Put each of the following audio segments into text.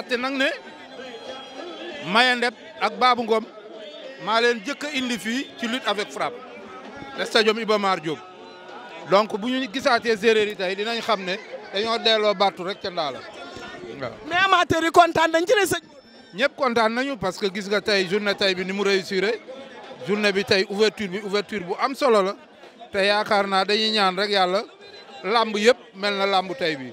fàtte nag ne maye Ndeb ak Babou Ngom maa leen jëkk a indi fii ci lutte avec frappe stadium Iba Mar Diop donc bu ñu gisaatee séeréer yi tey dinañ xam ne dañoo delloo battu rek ca ndaa la waaw. mais yi kontaan dañ ci ne ñëpp kontaan nañu parce que gis nga tey journée tey bi ni mu réussir journée bi tey ouverture bi ouverture bu am solo la te yaakaar naa dañuy ñaan rek yàlla làmb yëpp mel na làmb tey bi.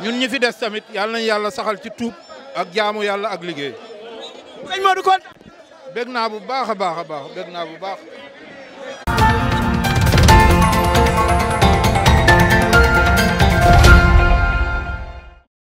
ñun ñi fi des tamit yàlla nañu yàlla saxal ci tuub ak jaamu yàlla ak liggéey. sëñ Modou Konte. bég naa bu baax a baax a baax bég naa bu baax.